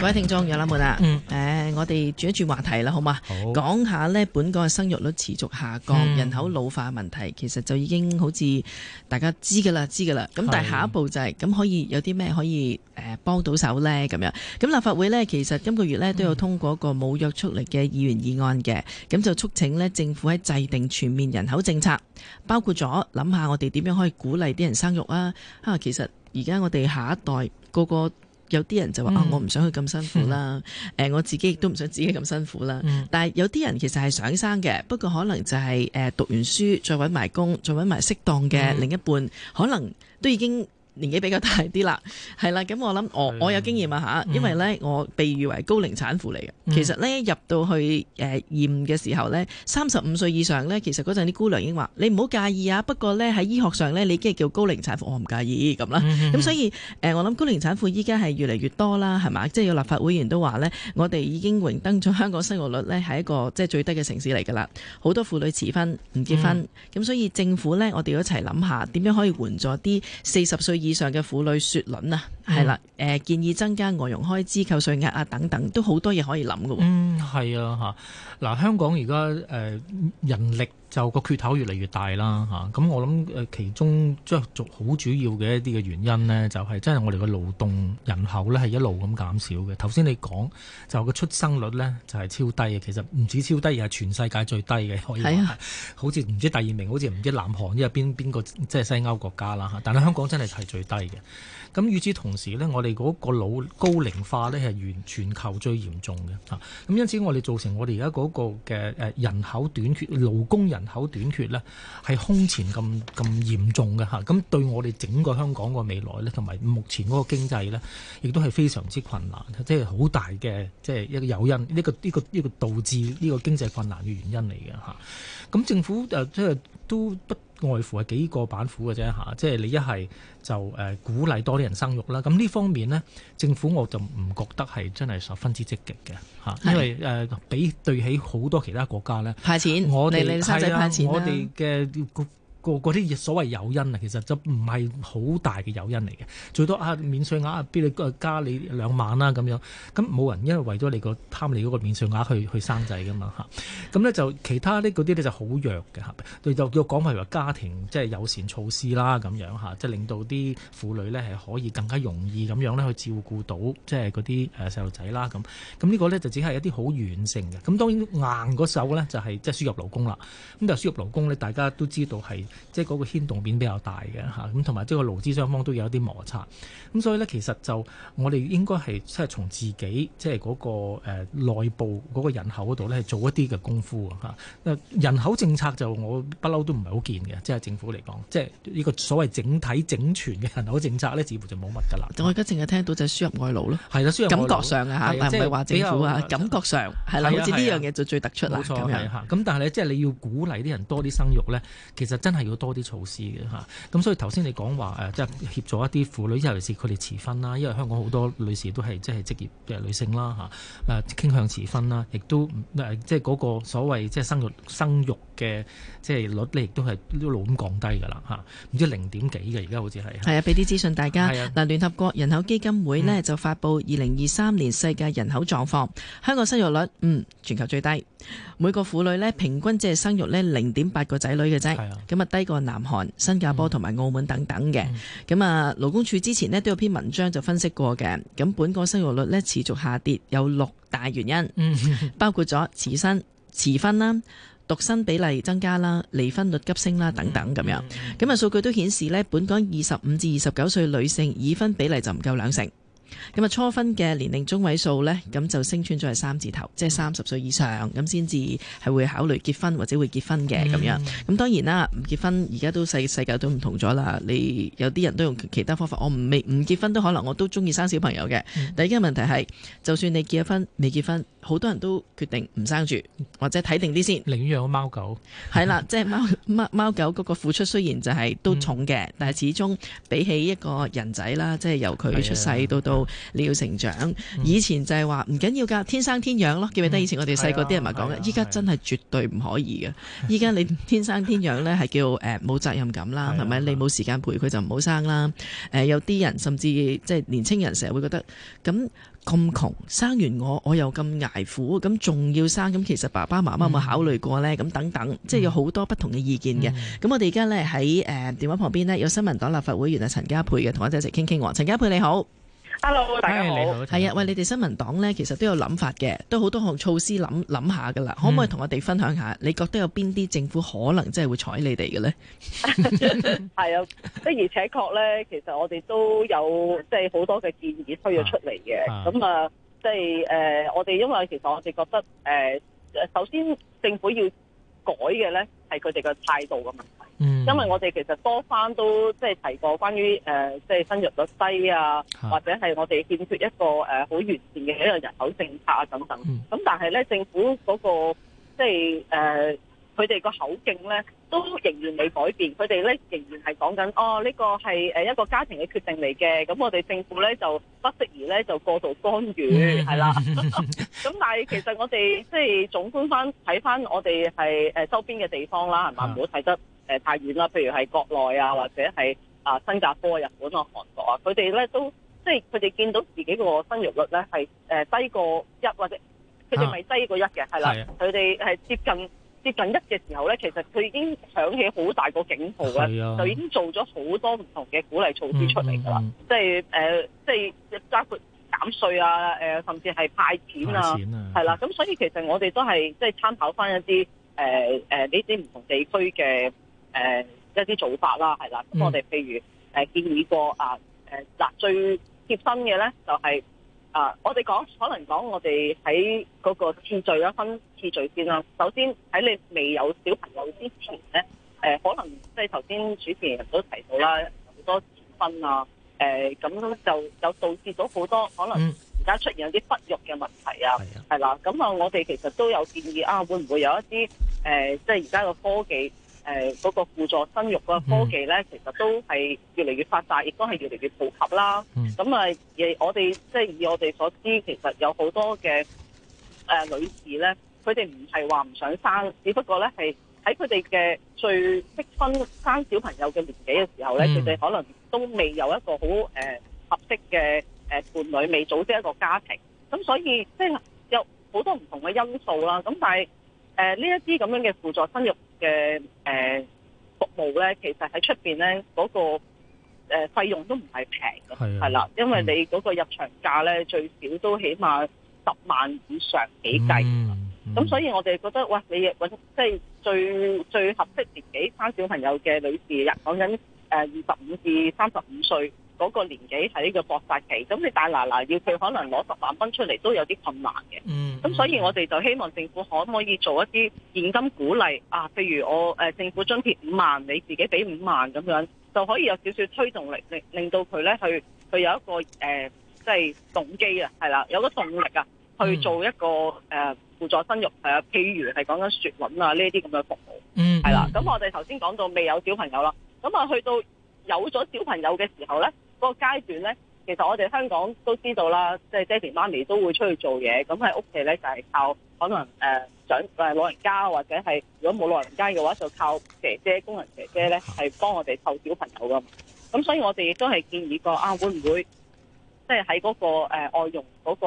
各位聽眾，有啦冇啦？誒、嗯呃，我哋轉一轉話題啦，好嘛？講好下咧，本港嘅生育率持續下降，嗯、人口老化問題，其實就已經好似大家知噶啦，知噶啦。咁但係下一步就係、是，咁是可以有啲咩可以誒幫、呃、到手咧？咁樣，咁立法會咧，其實今個月咧都有通過一個冇約束力嘅議員議案嘅，咁、嗯、就促請咧政府喺制定全面人口政策，包括咗諗下我哋點樣可以鼓勵啲人生育啊！啊，其實而家我哋下一代個個。有啲人就話啊，我唔想去咁辛苦啦，誒、嗯呃，我自己亦都唔想自己咁辛苦啦。嗯、但係有啲人其實係想生嘅，不過可能就係、是、誒、呃，讀完書再搵埋工，再搵埋適當嘅另一半，嗯、可能都已經，年紀比較大啲啦，係啦，咁我諗我、嗯、我有經驗啊，因為咧我被譽為高齡產婦嚟嘅、嗯呃。其實咧入到去誒驗嘅時候咧，三十五歲以上咧，其實嗰陣啲姑娘已經話：你唔好介意啊。不過咧喺醫學上咧，你已經叫高齡產婦，我唔介意咁啦。咁、嗯、所以我諗高齡產婦依家係越嚟越多啦，係嘛？即係有立法會員都話咧，我哋已經榮登咗香港生育率咧係一個即係最低嘅城市嚟㗎啦。好多婦女遲婚唔結婚，咁、嗯、所以政府咧，我哋要一齊諗下點樣可以援助啲四十歲以以上嘅婦女雪卵啊，係啦，誒、嗯呃、建議增加外傭開支扣稅額啊，等等都好多嘢可以諗嘅喎。嗯，係啊，嚇嗱，香港而家誒人力。就個缺口越嚟越大啦嚇，咁我諗其中即好主要嘅一啲嘅原因呢，就係真係我哋嘅勞動人口呢係一路咁減少嘅。頭先你講就個出生率呢就係超低嘅，其實唔止超低，而係全世界最低嘅。可以話，啊、好似唔知第二名好似唔知南韓，唔知係邊邊個，即係西歐國家啦嚇。但係香港真係係最低嘅。咁與此同時呢，我哋嗰個老高齡化呢係全全球最嚴重嘅嚇，咁因此我哋造成我哋而家嗰個嘅誒人口短缺、勞工人口短缺呢係空前咁咁嚴重嘅嚇。咁對我哋整個香港個未來呢，同埋目前嗰個經濟呢，亦都係非常之困難，即係好大嘅即係一個誘因，一個呢個呢個呢個導致呢個經濟困難嘅原因嚟嘅嚇。咁政府即係都不外乎係幾個板斧嘅啫嚇，即係你一係就誒鼓勵多啲人生育啦，咁呢方面呢，政府我就唔覺得係真係十分之積極嘅嚇，因為誒比對起好多其他國家咧，派錢，我哋派啊，我哋嘅。嗰啲所謂誘因啊，其實就唔係好大嘅誘因嚟嘅，最多啊免稅額俾你加你兩萬啦、啊、咁樣，咁冇人因為為咗你、嗰個貪你嗰個免稅額去去生仔噶嘛嚇，咁咧就其他呢嗰啲咧就好弱嘅嚇，就叫講譬如話家庭即係友善措施啦咁樣吓，即係令到啲婦女咧係可以更加容易咁樣咧去照顧到即係嗰啲誒細路仔啦咁，咁呢個咧就只係一啲好軟性嘅，咁當然硬嗰手咧就係即係輸入勞工啦，咁但係輸入勞工咧大家都知道係。即係嗰個牽動面比較大嘅嚇，咁同埋即係個勞資雙方都有一啲摩擦，咁所以咧其實就我哋應該係即係從自己即係嗰個內、呃、內部嗰、嗰個人口嗰度咧做一啲嘅功夫、啊、人口政策就我不嬲都唔係好見嘅，即、就、係、係、政府嚟講，即係呢個所謂整體整全嘅人口政策咧，似乎就冇乜㗎啦。我而家淨係聽到就係輸入外勞咯，係啦，輸入感覺上嘅、啊。嚇的，唔係話政府啊，就是、感覺上係啦。的好似呢樣嘢就最突出啦。冇錯，咁但係咧，即係你要鼓勵啲人多啲生育咧，其實真係。係要多啲措施嘅吓，咁所以頭先你講話誒，即係協助一啲婦女，尤其是佢哋遲婚啦，因為香港好多女士都係即係職業嘅女性啦吓，誒、啊、傾向遲婚啦，亦都即係嗰個所謂即係生育生育嘅即係率咧，亦都係一路咁降低噶啦吓，唔、啊、知零點幾嘅而家好似係。係啊，俾啲資訊大家。係嗱、啊，聯合國人口基金會呢就發佈二零二三年世界人口狀況，嗯、香港生育率嗯全球最低，每個婦女呢，平均即係生育呢零點八個仔女嘅啫。咁啊。低過南韓、新加坡同埋澳門等等嘅，咁啊勞工處之前咧都有一篇文章就分析過嘅，咁本港生育率咧持續下跌有六大原因，嗯嗯、包括咗遲生、遲婚啦、獨身比例增加啦、離婚率急升啦等等咁樣，咁啊、嗯嗯、數據都顯示本港二十五至二十九歲女性已婚比例就唔夠兩成。咁啊，初婚嘅年齡中位數呢，咁就升穿咗係三字頭，即係三十歲以上咁先至係會考慮結婚或者會結婚嘅咁樣。咁當然啦，唔結婚而家都世世界都唔同咗啦。你有啲人都用其他方法，我唔未唔結婚都可能我都中意生小朋友嘅。嗯、但一而家問題係，就算你結咗婚未結婚，好多人都決定唔生住，或者睇定啲先。領養貓狗係 啦，即係貓貓狗嗰個付出雖然就係都重嘅，嗯、但係始終比起一個人仔啦，即係由佢出世到到。你要成長以前就係話唔緊要噶，天生天養咯，記唔記得以前我哋細個啲人咪講嘅？依家、啊啊啊、真係絕對唔可以嘅。依家你天生天養呢，係叫誒冇責任感啦，係咪、啊？你冇時間陪佢就唔好生啦。誒，有啲人甚至即係年輕人成日會覺得咁咁窮，生完我我又咁捱苦，咁仲要生咁？其實爸爸媽媽有冇考慮過呢？咁、嗯、等等，即係有好多不同嘅意見嘅。咁、嗯嗯、我哋而家呢，喺誒電話旁邊呢，有新聞黨立法會議員啊陳家珮嘅，同我哋一齊傾傾。陳家珮你好。hello，, hello 大家好。係啊好，是呀喂，你哋新聞黨咧，其實都有諗法嘅，都好多項措施諗諗下噶啦。嗯、可唔可以同我哋分享一下？你覺得有邊啲政府可能真係會睬你哋嘅咧？係啊 的而且確咧，其實我哋都有即係好多嘅建議推咗出嚟嘅。咁啊，即係誒，我哋因為其實我哋覺得誒誒、呃，首先政府要。改嘅咧，係佢哋嘅態度嘅問題。嗯，因為我哋其實多番都即係提過關於誒、呃，即係生育率低啊，或者係我哋欠缺一個誒好、呃、完善嘅一個人口政策啊等等。咁、嗯、但係咧，政府嗰、那個即係誒。呃佢哋個口徑咧都仍然未改變，佢哋咧仍然係講緊哦，呢個係誒一個家庭嘅決定嚟嘅，咁我哋政府咧就不適宜咧就過度干預，係啦。咁但係其實我哋即係總觀翻睇翻我哋係誒周邊嘅地方啦，係嘛，唔好睇得誒太遠啦。譬如係國內啊，Yeah. 或者係啊新加坡、日本啊、韓國啊，佢哋咧都即係佢哋見到自己個生育率咧係誒低過一，或者佢哋咪低過一嘅，係啦 Yeah. 了，佢哋係接近。接近一嘅時候咧，其實佢已經響起好大個警號咧，就已經做咗好多唔同嘅鼓勵措施出嚟噶啦，即係即係包括減稅啊、呃，甚至係派錢啊，係啦、啊，咁所以其實我哋都係即係參考翻一啲誒呢啲唔同地區嘅誒一啲做法啦，係啦，咁我哋譬如誒、嗯呃、建議過啊嗱最貼身嘅咧就係、是。啊！Uh, 我哋講可能講我哋喺嗰個次序啊，分次序先啦。首先喺你未有小朋友之前咧，誒、呃，可能即係頭先主持人都提到啦，好多前婚啊，誒、呃，咁就有導致到好多可能而家出現有啲不育嘅問題啊，係、mm. 啦。咁啊，我哋其實都有建議啊，會唔會有一啲誒，即係而家嘅科技？誒，嗰、呃，那個輔助生育嘅科技咧，嗯、其實都係越嚟越發達，亦都係越嚟越普及啦。咁啊、嗯，而我哋即係以我哋所知，其實有好多嘅誒、呃、女士咧，佢哋唔係話唔想生，只不過咧係喺佢哋嘅最適婚生小朋友嘅年紀嘅時候咧，佢哋、嗯、可能都未有一個好誒、呃、合適嘅誒伴侶，未組織一個家庭。咁所以即係有好多唔同嘅因素啦。咁但係誒呢一啲咁樣嘅輔助生育。嘅誒、呃、服務咧，其實喺出邊咧嗰個誒、呃、費用都唔係平嘅。係啦的，因為你嗰個入場價咧、嗯、最少都起碼十萬以上起計。咁、嗯嗯、所以我哋覺得哇，你揾即係最最合適年紀生小朋友嘅女士，日講緊誒二十五至三十五歲。嗰個年紀係呢個搏殺期，咁你大嗱嗱要佢可能攞十萬蚊出嚟都有啲困難嘅。嗯，咁所以我哋就希望政府可唔可以做一啲現金鼓勵啊，譬如我誒政府津貼五萬，你自己俾五萬咁樣，就可以有少少推動力，令令到佢咧去去有一個誒即係動機啊，係啦，有個動力啊，去做一個誒、嗯呃、輔助生育啊。譬如係講緊雪卵啊呢啲咁嘅服務。嗯，係啦，咁、嗯、我哋頭先講到未有小朋友啦，咁啊去到有咗小朋友嘅時候咧。嗰個階段咧，其實我哋香港都知道啦，即係爹哋媽咪都會出去做嘢，咁喺屋企咧就係、是、靠可能誒長、呃、老人家或者係如果冇老人家嘅話，就靠姐姐工人姐姐咧係幫我哋湊小朋友噶嘛。咁所以我哋亦都係建議過啊，會唔會即係喺嗰個外傭嗰個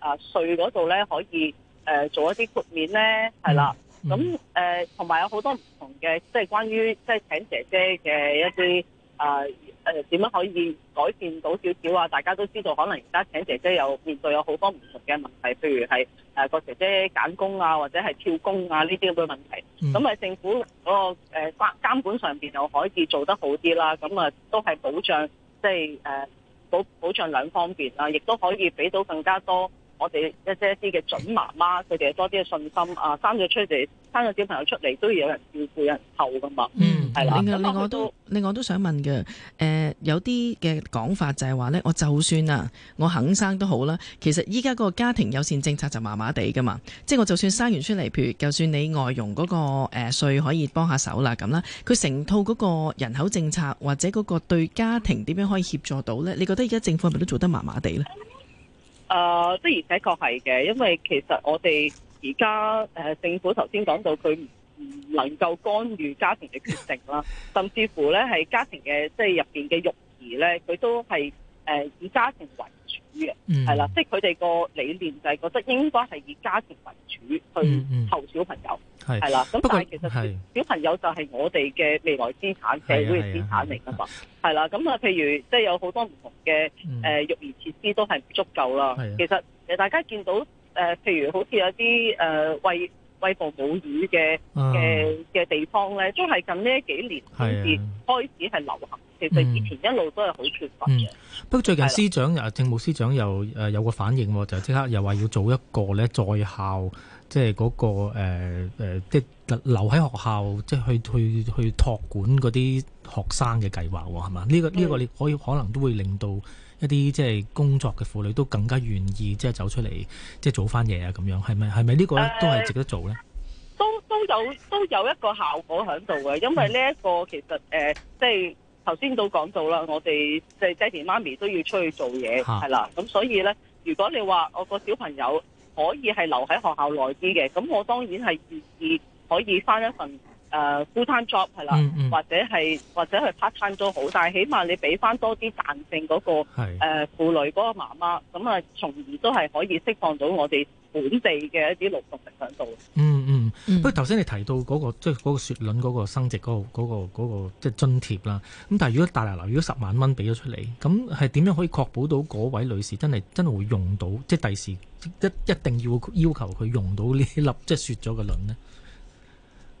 稅嗰度咧可以誒、呃、做一啲豁免咧？係啦，咁、mm hmm. 呃、同埋有好多唔同嘅，即、就、係、是、關於即係、就是、請姐姐嘅一啲啊。呃誒，點樣可以改善到少少啊？大家都知道，可能而家請姐姐有面對有好多唔同嘅問題，譬如係誒個姐姐揀工啊，或者係跳工啊呢啲咁嘅問題。咁啊、嗯，政府嗰個誒監監管上邊又可以做得好啲啦。咁啊，嗯、都係保障，即係誒保保障兩方面啦、啊，亦都可以俾到更加多我哋一些一啲嘅準媽媽，佢哋、嗯、多啲嘅信心啊。生咗出嚟，生咗小朋友出嚟都要有人照顧，有人湊噶嘛。嗯另外，另外都另外都想問嘅，誒、呃、有啲嘅講法就係話呢：「我就算啊，我肯生都好啦，其實依家個家庭友善政策就麻麻地㗎嘛，即係我就算生完出嚟，譬如就算你外傭嗰、嗰個誒稅、呃、可以幫下手啦咁啦，佢成套嗰個人口政策或者嗰個對家庭點樣可以協助到呢？你覺得而家政府係咪都做得麻麻地呢？誒、呃，是的而且確係嘅，因為其實我哋而家誒政府頭先講到佢。不能夠干預家庭嘅決定啦， 甚至乎咧係家庭嘅即係入邊嘅育兒咧，佢都係誒、呃、以家庭為主嘅，係啦、嗯，即係佢哋個理念就係覺得應該係以家庭為主去湊小朋友係啦。咁、嗯嗯、但係過其實小，的小朋友就係我哋嘅未來資產，社會嘅資產嚟㗎嘛，係啦。咁啊，譬如即係有好多唔同嘅誒、呃、育兒設施都係唔足夠啦。嗯、的其實大家見到誒、呃，譬如好似有啲誒、呃、為餵哺母乳嘅嘅嘅地方咧，都係近呢幾年先至的開始係流行。嗯、其實以前一路都係好缺乏嘅。不過、嗯嗯、最近司長又的政務司長又誒、呃、有個反應，就即刻又話要做一個咧在校，即係嗰個誒即係留喺學校，即、就、係、是、去去去託管嗰啲學生嘅計劃喎，係嘛？呢、這個呢、這個你、這個、可以可能都會令到。一啲即係工作嘅婦女都更加願意即係走出嚟即係做翻嘢啊！咁樣係咪係咪呢個都係值得做咧、呃？都都有都有一個效果喺度嘅，因為呢一個其實誒、呃、即係頭先都講到啦，我哋即係爹哋媽咪都要出去做嘢係啦，咁、啊、所以咧，如果你話我個小朋友可以係留喺學校耐啲嘅，咁我當然係願意可以翻一份。誒、uh, full time job 係啦、嗯嗯或是，或者係或者係 part time 都好，但係起碼你俾翻多啲彈性嗰個誒婦是、呃、女嗰個媽媽，咁啊從而都係可以釋放到我哋本地嘅一啲勞動力喺度、嗯。嗯嗯，不過頭先你提到嗰、那個即係嗰個雪卵嗰個生殖嗰、那個嗰即係津貼啦，咁但係如果大樓樓如果十萬蚊俾咗出嚟，咁係點樣可以確保到嗰位女士真係真係會用到，即係第時一一定要要求佢用到呢粒即係雪咗嘅卵呢？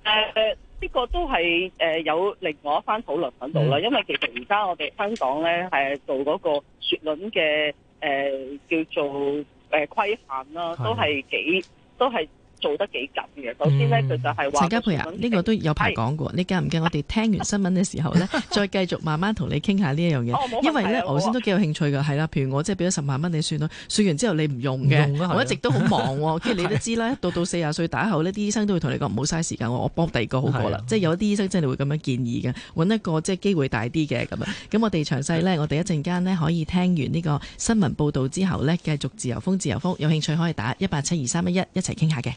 誒誒，呢、呃這個都係誒、呃、有另外一番討論喺度啦，因為其實而家我哋香港咧係做嗰個雪卵嘅誒叫做誒規範啦，都係幾都係。做得幾緊嘅？首先呢，佢就係話陳家珮啊，呢個都有排講過。你介唔介意，我哋聽完新聞嘅時候呢，再繼續慢慢同你傾下呢一樣嘢。因為呢，我先都幾有興趣㗎，係啦。譬如我即係俾咗十萬蚊你算咯，算完之後你唔用嘅，我一直都好忙。跟住你都知啦，到到四十歲打後呢啲醫生都會同你講唔好嘥時間喎，我幫第二個好過啦。即係有啲醫生真係會咁樣建議嘅，揾一個即係機會大啲嘅咁樣。咁我哋詳細呢，我哋一陣間呢可以聽完呢個新聞報導之後呢，繼續自由風自由風。有興趣可以打一八七二三一一一齊傾下嘅。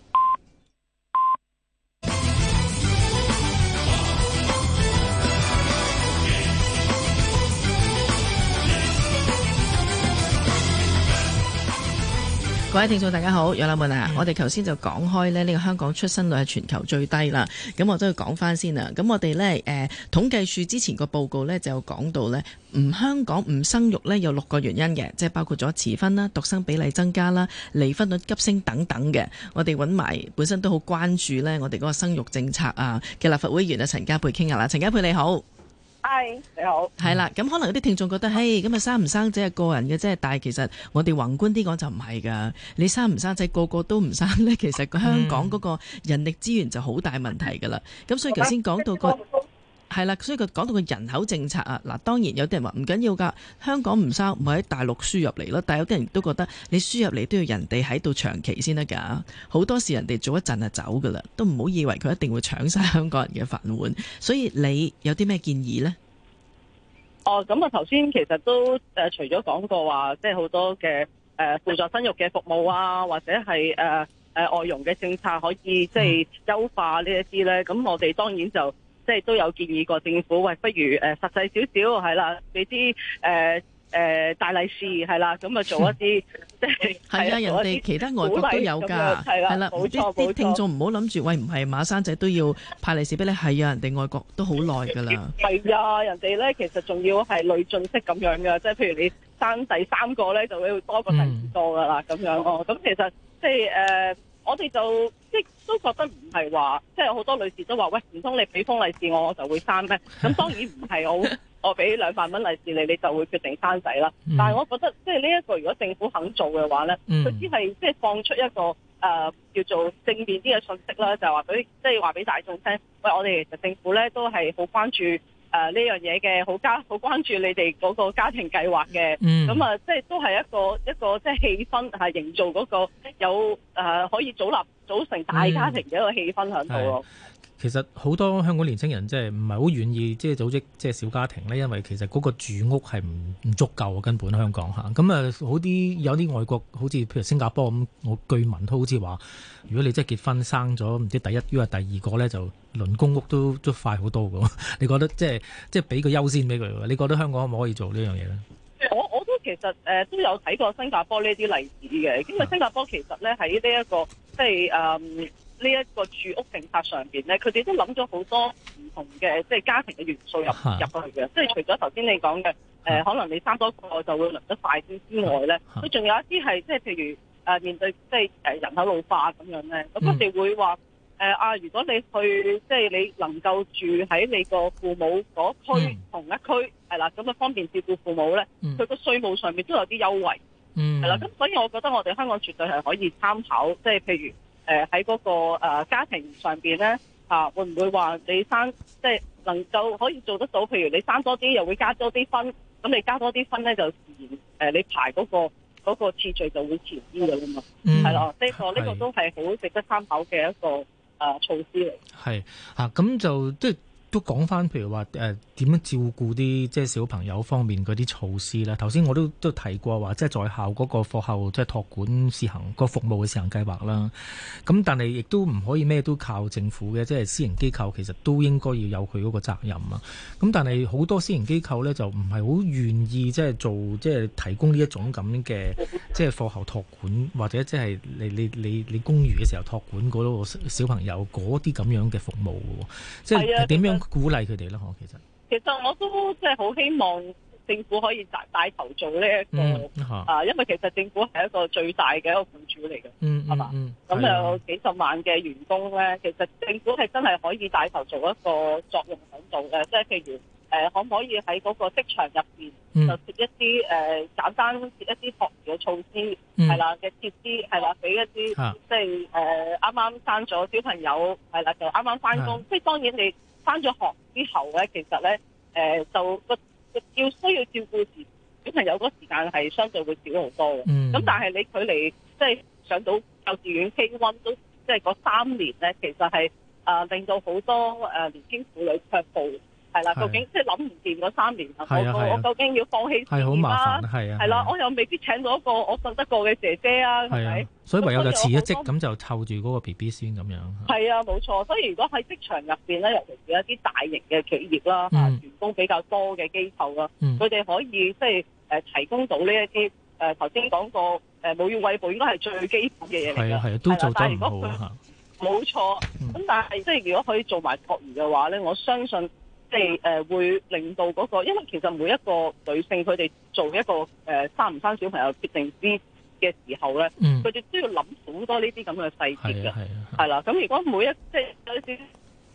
各位聽眾大家好，楊立、嗯、文啊，嗯、我哋頭先就講開呢呢、這個香港出生率係全球最低啦，咁我都要講翻先啦。咁我哋呢誒、呃，統計處之前個報告呢，就有講到呢唔，香港唔生育呢有六個原因嘅，即係包括咗遲婚啦、獨生比例增加啦、離婚率急升等等嘅。我哋揾埋本身都好關注呢我哋嗰個生育政策啊嘅立法會議員啊，陳家珮傾下啦。陳家珮你好。係你好，係啦，咁可能有啲聽眾覺得，嘿，咁啊生唔生仔係個人嘅啫，但係其實我哋宏觀啲講就唔係噶，你生唔生仔個個都唔生咧，其實個香港嗰個人力資源就好大問題噶啦，咁所以頭先講到個。係啦，所以佢講到個人口政策啊，嗱當然有啲人話唔緊要噶，香港唔生，咪喺大陸輸入嚟咯。但係有啲人都覺得你輸入嚟都要人哋喺度長期先得㗎。好多時人哋做一陣就走㗎啦，都唔好以為佢一定會搶晒香港人嘅飯碗。所以你有啲咩建議呢？哦，咁我頭先其實都誒、呃，除咗講過話，即係好多嘅誒、呃、輔助生育嘅服務啊，或者係誒誒外傭嘅政策可以即係優化呢一啲呢。咁、嗯、我哋當然就。即係都有建議過政府，喂，不如誒、呃、實際少少，係啦，俾啲誒誒大利是，係啦，咁啊做一啲，即係係啊，人哋其他外國都有㗎，係啦，冇錯，啲聽眾唔好諗住，喂，唔係馬生仔都要派利是俾你，係 啊，人哋外國都好耐㗎啦，係啊，人哋咧其實仲要係累進式咁樣㗎，即係譬如你生仔三個咧，就會多個第二個㗎啦，嗯，咁樣咯，哦，咁其實即係誒。即係我哋就即都覺得唔係話，即好多女士都話：喂，唔通你俾封利是我，我就會生咩？咁當然唔係我 我俾兩萬蚊利是你，你就會決定生仔啦。嗯、但係我覺得即呢一個如果政府肯做嘅話呢，佢只係即放出一個誒、呃、叫做正面啲嘅信息啦，就話、係、俾即話俾大眾聽：喂，我哋其實政府呢都係好關注。誒呢、啊、樣嘢嘅好家好關注你哋嗰個家庭計劃嘅，咁、嗯那個、啊，即係都係一個一個即係氣氛嚇營造嗰個有誒可以組立組成大家庭嘅一個氣氛響度咯。嗯其實好多香港年輕人即係唔係好願意即係組織即係小家庭咧，因為其實嗰個住屋係唔唔足夠啊，根本夠的香港吓。咁啊，好啲有啲外國好似譬如新加坡咁，我據聞都好似話，如果你真係結婚生咗唔知第一，如果第二個咧，就輪公屋都都快好多噶。你覺得即係即係俾個優先俾佢？你覺得香港可唔可以做這件事呢樣嘢咧？我我都其實誒、呃、都有睇過新加坡呢啲例子嘅，因為新加坡其實咧喺呢一個即係誒。嗯呢一個住屋政策上邊咧，佢哋都諗咗好多唔同嘅即係家庭嘅元素入入去嘅，即係、啊、除咗頭先你講嘅誒，啊、可能你生多個就會輪得快啲之外咧，佢仲、啊、有一啲係即係譬如誒面對即係誒人口老化咁樣咧，咁佢哋會話誒啊，如果你去即係你能夠住喺你個父母嗰區、嗯、同一區係啦，咁啊方便照顧父母咧，佢個稅務上面都有啲優惠，係啦、嗯，咁所以我覺得我哋香港絕對係可以參考，即係譬如。誒，喺嗰、呃嗰個誒、呃、家庭上邊咧，吓、啊、會唔會話你生即係能夠可以做得到？譬如你生多啲，又會加多啲分。咁你加多啲分咧，就自然誒，你排嗰、嗰個、嗰個次序就會前啲噶啦嘛。嗯，係咯的，呢、呢個呢個都係好值得參考嘅一個誒、呃、措施嚟。係啊，咁就即係。都講翻，譬如話誒點樣照顧啲即係小朋友方面嗰啲措施啦。頭先我都都提過話，即係在校嗰個課後即係托管試行個服務嘅試行計劃啦。咁、嗯、但係亦都唔可以咩都靠政府嘅，即係私營機構其實都應該要有佢嗰個責任啊。咁、嗯、但係好多私營機構咧就唔係好願意即係做即係提供呢一種咁嘅即係課後托管， 或者即係你你你你公寓嘅時候托管嗰個小朋友嗰啲咁樣嘅服務喎，即係點樣？鼓勵佢哋咯，嗬，其實其實我都即係好希望政府可以帶帶頭做呢、這、一個啊，嗯、因為其實政府係一個最大嘅一個僱主嚟嘅，係嘛，咁有幾十萬嘅員工咧，是的其實政府係真係可以帶頭做一個作用喺度嘅，即係譬如誒、呃、可唔可以喺嗰個職場入邊就設一啲誒、嗯呃、簡單設一啲特別嘅措施係啦嘅設施係啦，俾一啲、啊、即係誒啱啱生咗小朋友係啦，就啱啱返工，即係的當然你。翻咗學之後咧，其實咧，誒、呃，就個要需要照顧時小朋友嗰時間係相對會少好多嘅。咁、嗯、但係你佢嚟，即係上到幼稚園 K1 都即係嗰三年咧，其實係、呃、令到好多誒、呃、年輕婦女卻步。係啦，究竟即係諗唔掂嗰三年我究竟要放棄啲係好麻煩，係啊。係咯，我又未必請到一個我信得過嘅姐姐啊，係咪？所以唯有就辭一職，咁就湊住嗰個 B B 先咁樣。係啊，冇錯。所以如果喺職場入邊咧，尤其係一啲大型嘅企業啦，吓員工比較多嘅機構啊，佢哋可以即係誒提供到呢一啲誒，頭先講過誒，母乳餵哺應該係最基本嘅嘢嚟噶，係啊，係啊，都做得好啊。冇錯，咁但係即係如果可以做埋托兒嘅話咧，我相信。即係誒，會令到嗰個，因為其實每一個女性，佢哋做一個誒生唔生小朋友決定之嘅時候咧，佢哋，嗯、都要諗好多呢啲咁嘅細節噶，係啦，啊。咁，啊啊、如果每一即係有啲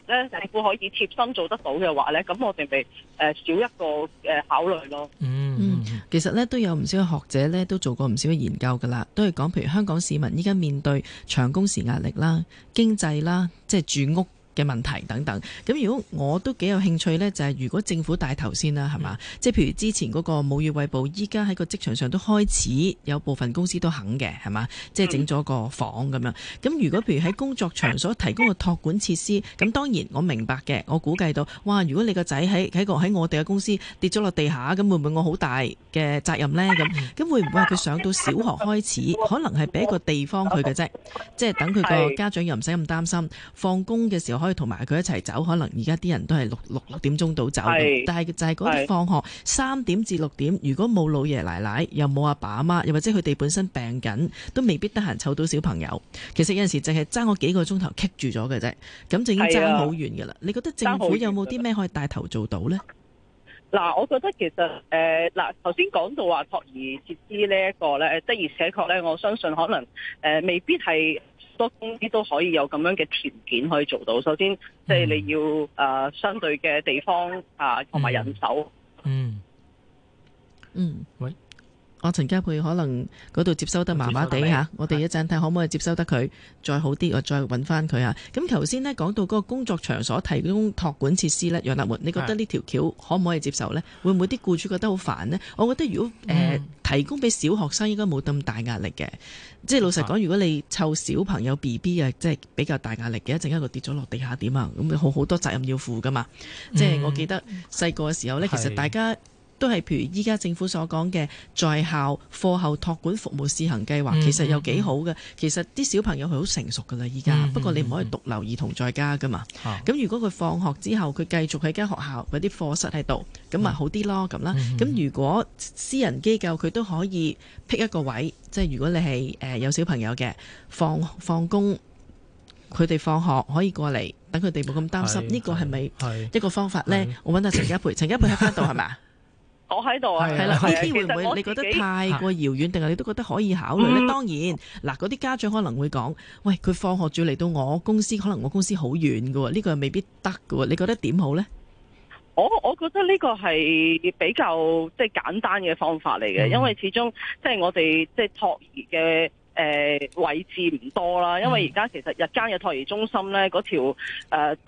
咧政府可以貼心做得到嘅話咧，咁我哋咪誒少一個誒考慮咯，嗯。嗯，其實咧都有唔少嘅學者咧都做過唔少嘅研究噶啦，都係講譬如香港市民依家面對長工時壓力啦、經濟啦、即係住屋嘅問題等等，咁如果我都幾有興趣呢，就係、是、如果政府帶頭先啦，係嘛？Mm. 即係譬如之前嗰個母乳餵哺，依家喺個職場上都開始有部分公司都肯嘅，係嘛？即係整咗個房咁樣。咁如果譬如喺工作場所提供個托管設施，咁當然我明白嘅。我估計到，哇！如果你個仔喺喺我哋嘅公司跌咗落地下，咁會唔會我好大嘅責任呢？咁，咁會唔會係佢上到小學開始，可能係俾一個地方佢嘅啫？Oh. Oh. 即係等佢個家長又唔使咁擔心，放工嘅時候同埋佢一齊走，可能而家啲人都係六六六點鐘到走，是但係就係嗰啲放學三是點至六點，如果冇老爺奶奶，又冇阿爸阿媽，又或者佢哋本身病緊，都未必得閒湊到小朋友。其實有陣時淨係爭我幾個鐘頭棘住咗嘅啫，咁就已經爭好遠噶啦。啊、你覺得政府有冇啲咩可以帶頭做到呢？嗱、呃，我覺得其實誒，嗱、呃，頭先講到話托兒設施呢、這、一個呢，的、呃、而且確呢，我相信可能誒、呃，未必係。多公司都可以有咁樣嘅條件可以做到。首先，即係你要誒相對嘅地方啊，同埋人手。嗯嗯，嗯。喂。我陳家珮可能嗰度接收得麻麻地下我哋一陣睇可唔可以接收得佢的再好啲，我再揾翻佢啊！咁頭先呢，講到嗰個工作場所提供託管設施呢，楊立門，你覺得呢條橋可唔可以接受呢？的會唔會啲僱主覺得好煩呢？我覺得如果誒、嗯呃、提供俾小學生應該冇咁大壓力嘅，即係老實講，如果你湊小朋友 BB 啊的，即係比較大壓力嘅，一陣間佢跌咗落地下點啊？咁好好多責任要負噶嘛，嗯、即係我記得細個嘅時候呢，其實大家。都係譬如依家政府所講嘅在校、課後託管服務試行計劃，其實又幾好嘅。其實啲小朋友係好成熟㗎啦，依家不過你唔可以獨留兒童在家㗎嘛。咁如果佢放學之後，佢繼續喺間學校嗰啲課室喺度，咁咪好啲咯，咁啦。咁如果私人機構佢都可以辟一個位，即係如果你係誒有小朋友嘅放放工，佢哋放學可以過嚟，等佢哋冇咁擔心，呢個係咪一個方法呢？我問下陳家珮，陳家珮喺邊度係咪？我喺度啊！係啦、啊，呢啲、啊啊、會唔會你覺得太過遙遠？定係、啊、你都覺得可以考慮呢？嗯、當然，嗱，嗰啲家長可能會講，喂，佢放學住嚟到我公司，可能我公司好遠嘅，呢、這個又未必得嘅。你覺得點好呢？我我覺得呢個係比較即係簡單嘅方法嚟嘅，因為始終即係我哋即係托兒嘅誒位置唔多啦。因為而家其實日間嘅托兒中心呢，嗰條誒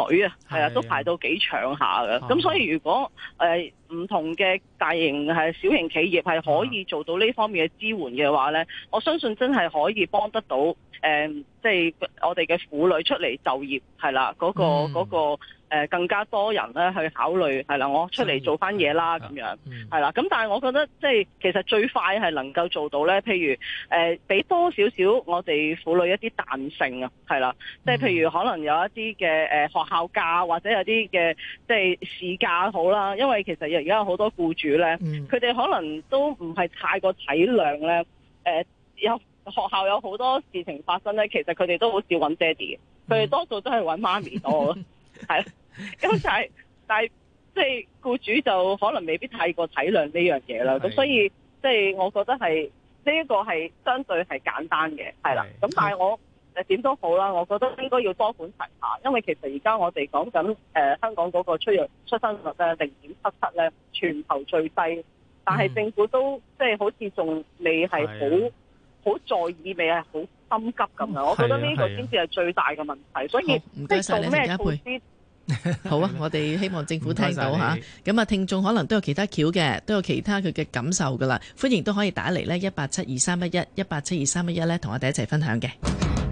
隊啊，係啊，都排到幾長下嘅。咁、啊、所以如果誒，呃唔同嘅大型係小型企業係可以做到呢方面嘅支援嘅話咧，嗯、我相信真係可以幫得到誒，即、呃、係、就是、我哋嘅婦女出嚟就業係啦，嗰、那個嗰個、嗯、更加多人咧去考慮係啦，我出嚟做翻嘢啦咁樣係啦。咁、嗯嗯、但係我覺得即係其實最快係能夠做到咧，譬如誒俾、呃、多少少我哋婦女一啲彈性啊，係啦，即係、嗯、譬如可能有一啲嘅誒學校假或者有啲嘅即係事假好啦，因為其實。而家有好多僱主咧，佢哋，嗯、可能都唔係太過體諒咧。誒、呃，有學校有好多事情發生咧，其實佢哋都好少揾爹哋，佢哋，嗯、多數都係揾媽咪多咯，係。 咁就係，是，但係即係僱主就可能未必太過體諒呢樣嘢啦。咁的所以即係，就是，我覺得係呢一個係相對係簡單嘅，係啦。咁的但係我。誒點都好啦，我覺得應該要多管齊下，因為其實而家我哋講緊誒香港嗰個出入出生率咧零點七七咧全球最低，但係政府都即係好似仲未係好好在意，未係好心急咁樣。我覺得呢個先至係最大嘅問題，啊啊、所以即係做咩措施？ 好啊！我哋希望政府聽到吓，咁啊聽眾可能都有其他橋嘅，都有其他佢嘅感受噶啦，歡迎都可以打嚟呢，11，呢一八七二三一一一八七二三一一咧，同我哋一齊分享嘅。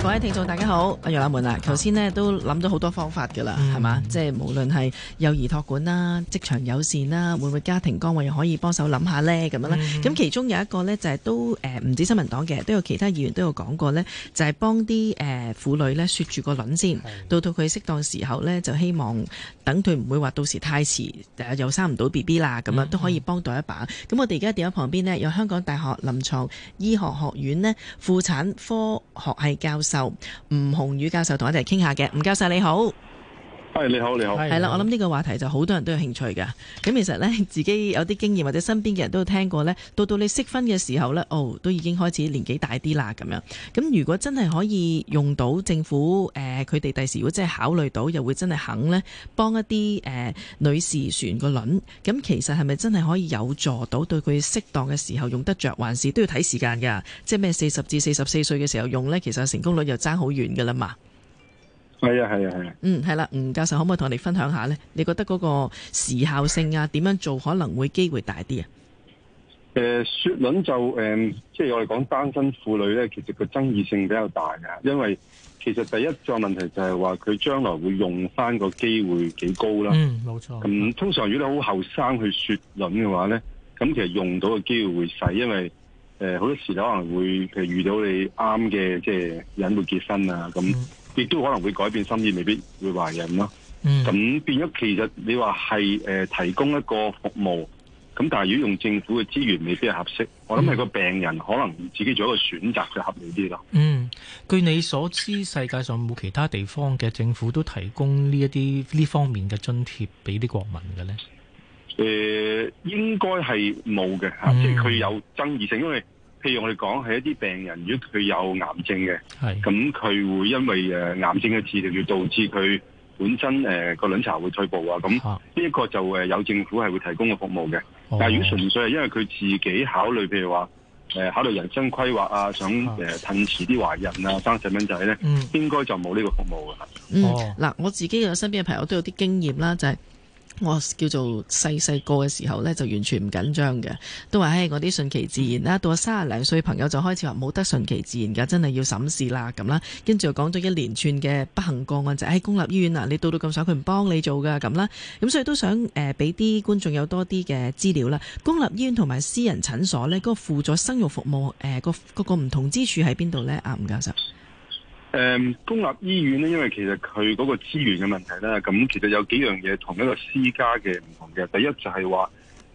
各位聽眾大家好，阿楊立門啊，頭先好呢都諗咗好多方法噶啦，係嘛，嗯？即係無論係幼兒托管啦、職場友善啦，會唔會家庭崗位又可以幫手諗下呢咁樣啦。咁、嗯、其中有一個呢，就係、是、都誒唔、呃、止新聞黨嘅，都有其他議員都有講過呢，就係、是、幫啲誒、呃、婦女呢説住個卵先，的到到佢適當時候呢，就希望。等，佢唔會話到時太遲，又生唔到 BB 啦，咁樣都可以幫到一把。咁、嗯嗯、我哋而家電話旁邊呢，有香港大學臨床醫學學院呢，婦產科學系教授吳鴻裕教授聊聊，同我一齊傾下嘅。吳教授你好！係，你好，你好係啦，的好我諗呢個話題就好多人都有興趣噶。咁其實呢，自己有啲經驗或者身邊嘅人都有聽過呢，到到你適婚嘅時候呢，哦，都已經開始年紀大啲啦咁樣。咁如果真係可以用到政府誒，佢哋第時如果真係考慮到，又會真係肯呢幫一啲誒、呃、女士雪卵。咁其實係咪真係可以有助到對佢適當嘅時候用得着，還是都要睇時間噶。即係咩四十至四十四歲嘅時候用呢？其實成功率又爭好遠噶啦嘛。係啊，係啊，係啊。嗯，係啦、啊，吳教授可唔可以同我哋分享一下咧？你覺得嗰個時效性啊，點樣做可能會機會大啲啊？誒、呃，雪卵就誒、呃，即係我哋講單身婦女咧，其實個爭議性比較大噶，因為其實第一個問題就係話佢將來會用翻個機會幾高啦。嗯，冇錯。咁、嗯、通常如果你好後生去雪卵嘅話咧，咁其實用到嘅機會會細，因為誒好、呃、多時咧可能會，譬如遇到你啱嘅，即係人會結婚啊咁。亦都可能會改變心意，未必會懷孕咯。嗯、咁、變咗，其實你話係誒提供一個服務，咁但係如果用政府嘅資源，未必係合適。我諗係個病人可能自己做一個選擇，就合理啲咯。嗯，據你所知，世界上冇其他地方嘅政府都提供呢一啲呢方面嘅津貼俾啲國民嘅咧？誒、呃，應該係冇嘅，即係佢有爭議性，因為。譬如我哋講，係一啲病人，如果佢有癌症嘅，咁佢是會因為誒癌症嘅治療，要導致佢本身誒個卵巢會退步啊。咁呢一個就誒有政府係會提供嘅服務嘅。啊、但係如果純粹係因為佢自己考慮，譬如話誒考慮人生規劃啊，想誒推遲啲懷孕啊，生細蚊仔咧，嗯、應該就冇呢個服務噶啦。嗯，嗱、啊，我自己嘅身邊嘅朋友都有啲經驗啦，就係、是。我叫做細細個嘅時候呢，就完全唔緊張嘅，都話喺我啲順其自然啦。到我三十零歲，朋友就開始話冇得順其自然噶，真係要審視啦咁啦。跟住又講咗一連串嘅不幸個案，就喺公立醫院嗱，你到到咁想佢唔幫你做噶咁啦。咁所以都想誒，俾啲觀眾有多啲嘅資料啦。公立醫院同、啊、埋、呃、私人診所呢，嗰、嗰個輔助生育服務誒，呃嗰個個個唔同之處喺邊度呢？阿、啊、吳教授。誒、嗯，公立醫院咧，因為其實佢嗰個資源嘅問題咧，咁其實有幾樣嘢同一個私家嘅唔同嘅。第一就係話，誒、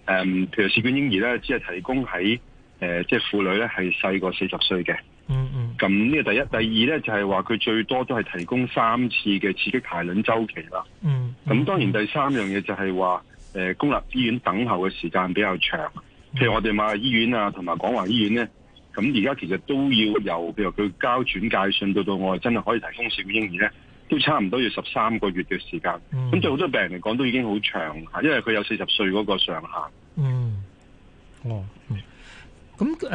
嗯，譬如試管嬰兒咧，只係提供喺誒，即係婦女咧係細過四十歲嘅。嗯嗯。咁呢個第一，第二咧就係話佢最多都係提供三次嘅刺激排卵周期啦、嗯。嗯。咁當然第三樣嘢就係話，誒、呃，公立醫院等候嘅時間比較長，嗯、譬如我哋瑪麗醫院啊，同埋廣華醫院咧。咁而家其實都要由，譬如佢交轉介信到到我真係可以提供小英兒咧，都差唔多要十三個月嘅時間。咁對好多病人嚟講都已經好長嚇，因為佢有四十歲嗰個上限。嗯，哦。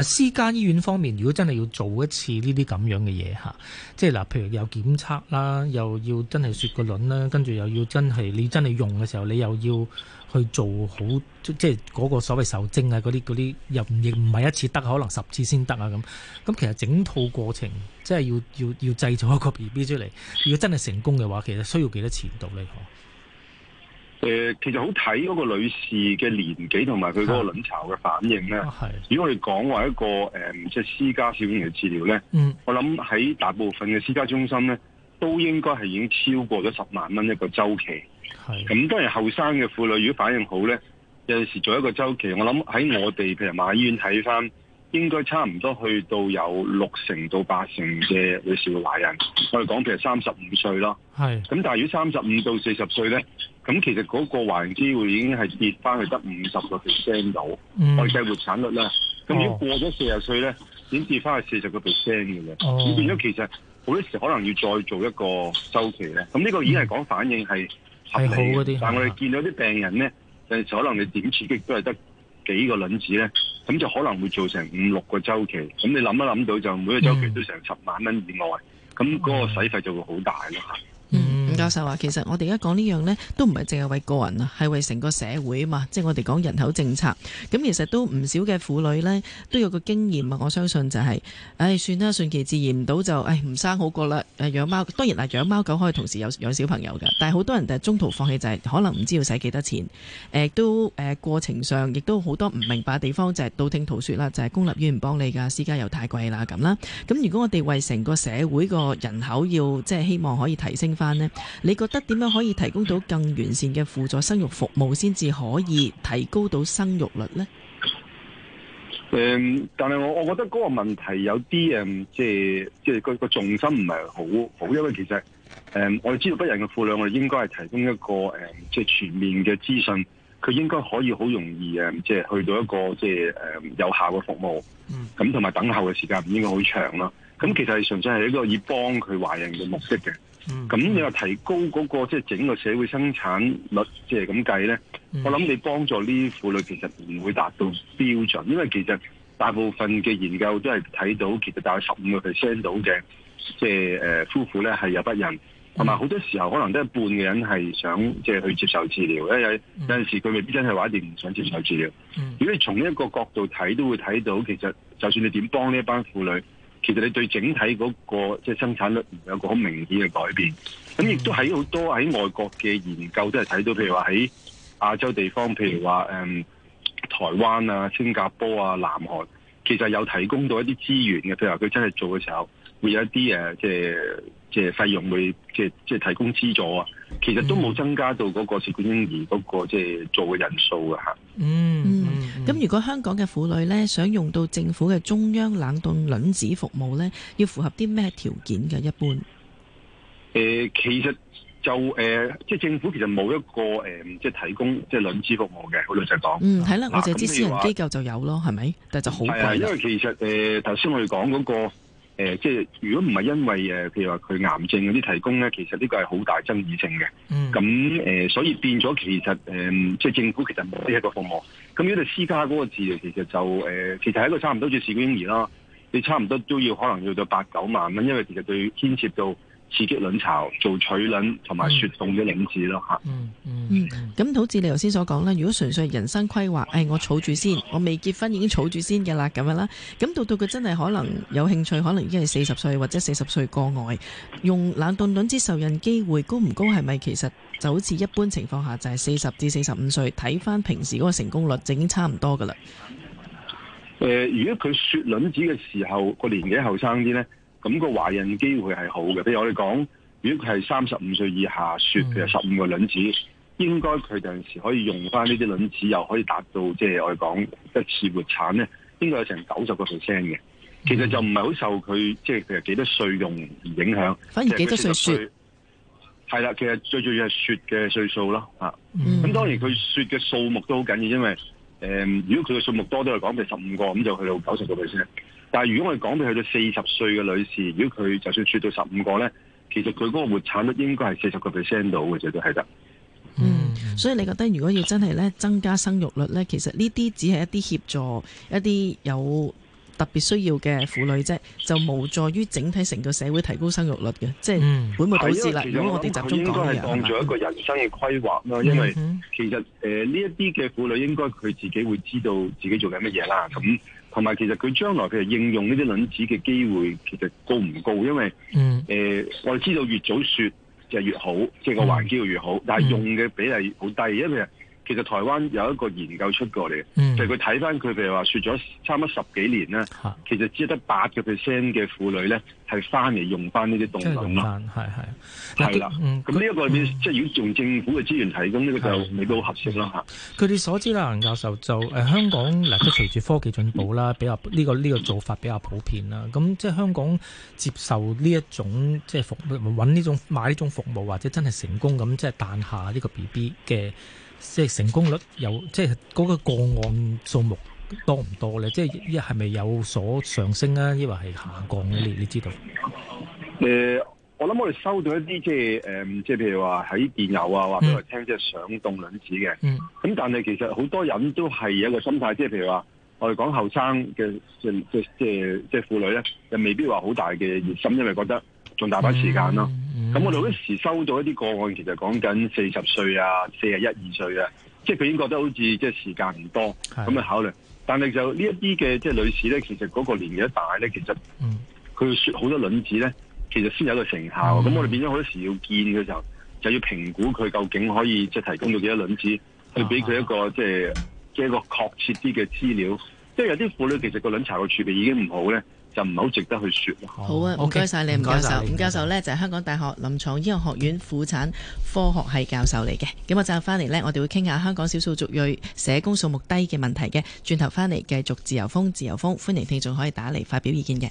私家醫院方面，如果真係要做一次呢啲咁樣嘅嘢嚇，即係嗱，譬如有檢測啦，又要真係雪個卵啦，跟住又要真係你真係用嘅時候，你又要去做好即係嗰個所謂受精啊，嗰啲啲又亦唔係一次得，可能十次先得啊咁。咁其實整套過程即係要要要製造一個 B B 出嚟，如果真係成功嘅話，其實需要幾多錢度呢？嗬？誒、呃，其實好睇嗰個女士嘅年紀同埋佢嗰個卵巢嘅反應咧。係，啊、如果我哋講話一個誒，即、呃、係、就是、私家小型嘅治療咧，嗯，我諗喺大部分嘅私家中心咧，都應該係已經超過咗十萬蚊一個週期。係是，咁、嗯、當然後生嘅婦女如果反應好咧，有陣時做一個週期，我諗喺我哋譬如馬醫院睇翻。應該差唔多去到有六成到八成嘅女士會懷孕，我哋講其實三十五歲咯，咁是。但係如果三十五到四十歲咧，咁其實嗰個懷孕機會已經係跌翻去得五十個 percent 到，嗯、我哋計活產率呢，咁如果過咗四十歲咧，哦、已經跌翻去四十個 percent 嘅啫。咁變咗其實好多時可能要再做一個週期咧。咁呢個已經係講反應係、嗯、好，理啲但係我哋見到啲病人咧，就的可能你點刺激都係得幾個卵子咧。咁就可能會造成五六個週期，咁你諗一諗到就每個週期都成十萬蚊以外，咁嗰個使費就會好大咯。教授話：其實我哋而家講呢樣呢，都唔係淨係為個人啊，係為成個社會啊嘛。即係我哋講人口政策，咁其實都唔少嘅婦女呢，都有個經驗啊。我相信就係、是，唉、哎，算啦，順其自然，唔到就，唉、哎，唔生好過啦。誒，養貓當然啦，養貓狗可以同時有養小朋友嘅，但係好多人就中途放棄，就係、是、可能唔知要使幾多錢，誒，都誒，過程上亦都好多唔明白嘅地方，就係、是、道聽途說啦，就係、是、公立醫院唔幫你㗎，私家又太貴啦咁啦。咁如果我哋為成個社會個人口要即係希望可以提升返呢。你覺得點樣可以提供到更完善嘅輔助生育服務，先至可以提高到生育率呢？誒、嗯，但係我我覺得嗰個問題有啲誒，即係即係個重心唔係好好，因為其實誒、嗯，我哋知道不孕嘅婦女，我哋應該係提供一個誒，即、嗯、係全面嘅資訊，佢應該可以好容易誒，即、嗯、係、嗯、去到一個即係誒有效嘅服務。咁同埋等候嘅時間唔應該好長啦。咁其實純粹係一個以幫佢懷孕嘅目的嘅。咁你話提高嗰、那個即係、就是、整個社會生產率，即係咁計咧，嗯、我諗你幫助呢啲婦女其實唔會達到標準，嗯、因為其實大部分嘅研究都係睇到，其實大概十五個 percent 到嘅，即係、就是呃、夫婦咧係有不孕，同埋好多時候可能都係半嘅人係想即係、就是、去接受治療，因為有有陣時佢未必真係話一定唔想接受治療。嗯嗯、如果你從呢一個角度睇，都會睇到其實就算你點幫呢一班婦女。其實你對整體嗰個即係生產率有個好明顯嘅改變，咁亦都喺好多喺外國嘅研究都係睇到，譬如話喺亞洲地方，譬如話誒、嗯、台灣啊、新加坡啊、南韓，其實有提供到一啲資源嘅，譬如話佢真係做嘅時候，會有一啲誒即係即係費用會即係即係提供資助啊，其實都冇增加到嗰個試管嬰兒嗰個即係做嘅人數啊，嗯。嗯咁如果香港嘅婦女咧，想用到政府嘅中央冷凍卵子服務咧，要符合啲咩條件嘅？一般誒、呃，其實就誒，即、呃、係政府其實冇一個誒，即、呃、係提供即係卵子服務嘅。好老實講，嗯，係啦，啊、我哋知道私人機構就有咯，係咪？但係就好貴。因為其實誒頭先我哋講嗰個、呃、即係如果唔係因為誒，譬如話佢癌症嗰啲提供咧，其實呢個係好大爭議性嘅。咁誒、嗯呃，所以變咗其實誒，即、呃、係政府其實冇呢一個服務。咁呢度私家嗰個治療、呃，其實就其實係一個差唔多試管嬰兒啦。你差唔多都要可能要到八九萬蚊，因為其實對牽涉到。刺激卵巢，做取卵同埋雪凍嘅卵子咯。吓，嗯嗯，咁好似你頭先所講啦，如果純粹人生規劃，誒、哎、我儲住先，我未結婚已經儲住先嘅啦，咁樣啦。咁到到佢真係可能有興趣，可能已經係四十歲或者四十歲過外，用冷凍卵子受孕機會高唔高？係咪其實就好似一般情況下就係四十至四十五歲睇翻平時嗰個成功率，就已經差唔多㗎啦。誒、呃，如果佢雪卵子嘅時候個年紀後生啲呢。咁個懷孕機會係好嘅，譬如我哋講，如果佢係三十五歲以下雪，雪其實十五個卵子，嗯、應該佢陣時可以用翻呢啲卵子，又可以達到即係、就是、我哋講一次活產咧，應該有成九十個 percent 嘅。其實就唔係好受佢即係其實幾多歲用而影響，反而幾多歲雪係啦。其實最重要係雪嘅歲數咯，嚇、嗯。咁當然佢雪嘅數目都好緊要，因為誒、呃，如果佢嘅數目多啲嚟講，譬如十五個，咁就去到九十個 percent。但係如果我哋講俾佢做四十歲嘅女士，如果佢就算住到十五個咧，其實佢嗰個活產率應該係四十個 percent 到嘅啫，都係得，嗯，所以你覺得如果要真係咧增加生育率咧，其實呢啲只係一啲協助一啲有特別需要嘅婦女啫，就無助於整體成個社會提高生育率嘅，嗯、即係本末倒置啦。如果我哋集中講嘅，係嘛？做一個人生嘅規劃啦，嗯、哼因為其實誒呢一啲嘅婦女應該佢自己會知道自己做緊乜嘢啦，咁。同埋，其實佢將來佢哋應用呢啲卵子嘅機會，其實高唔高？因為誒、嗯呃，我哋知道越早雪就越好，即係個環境越好，但係用嘅比例好低，因為其實台灣有一個研究出過嚟嘅，嗯、就佢睇翻佢譬如話說咗差唔多十幾年的其實只得八個 percent 嘅婦女咧係翻嚟用翻呢啲凍卵咯，係係係啦。咁呢一個裡面、嗯、即係如果用政府嘅資源提供呢的個就未到合適啦吓。佢哋所知啦，吳教授就誒、呃、香港嗱、呃，即隨住科技進步啦，比較呢、這個呢、這個做法比較普遍啦。咁即係香港接受呢一種即係服揾呢種買呢種服務，或者真係成功咁即係誕下呢個 B B 嘅。即係成功率有即係嗰個個案數目多唔多咧？即係一係咪有所上升啊？抑或係下降咧？你你知道嗎？誒、呃，我諗我哋收到一啲即係誒，即係、呃、譬如話喺電郵啊，話俾我聽，即係想凍卵子嘅。咁、嗯、但係其實好多人都係一個心態，即係譬如話，我哋講後生嘅即即即即係婦女咧，又未必話好大嘅熱心，因為覺得。仲大把時間咯，咁、嗯嗯、我哋好多時收到一啲個案，其實講緊四十歲啊、四十一二歲啊，即係佢已經覺得好似即係時間唔多，咁去是的 考慮。但係就呢一啲嘅即係女士咧，其實嗰個年紀大咧，其實佢説好多卵子咧，其實先有一個成效。咁、嗯、我哋變咗好多時要見嘅時候，就要評估佢究竟可以即係提供到幾多卵子，去俾佢一個、啊、哈 即係嘅一個確切啲嘅資料。即係有啲婦女其實個卵巢嘅儲備已經唔好咧。就唔係好值得去說。好啊，唔該晒你，吳教授。吳教授呢，就係香港大學臨床醫學學院婦產科學系教授嚟嘅。咁我就返翻嚟呢，我哋會傾下香港少數族裔社工數目低嘅問題嘅。轉頭翻嚟繼續自由風，自由風，歡迎聽眾可以打嚟發表意見嘅。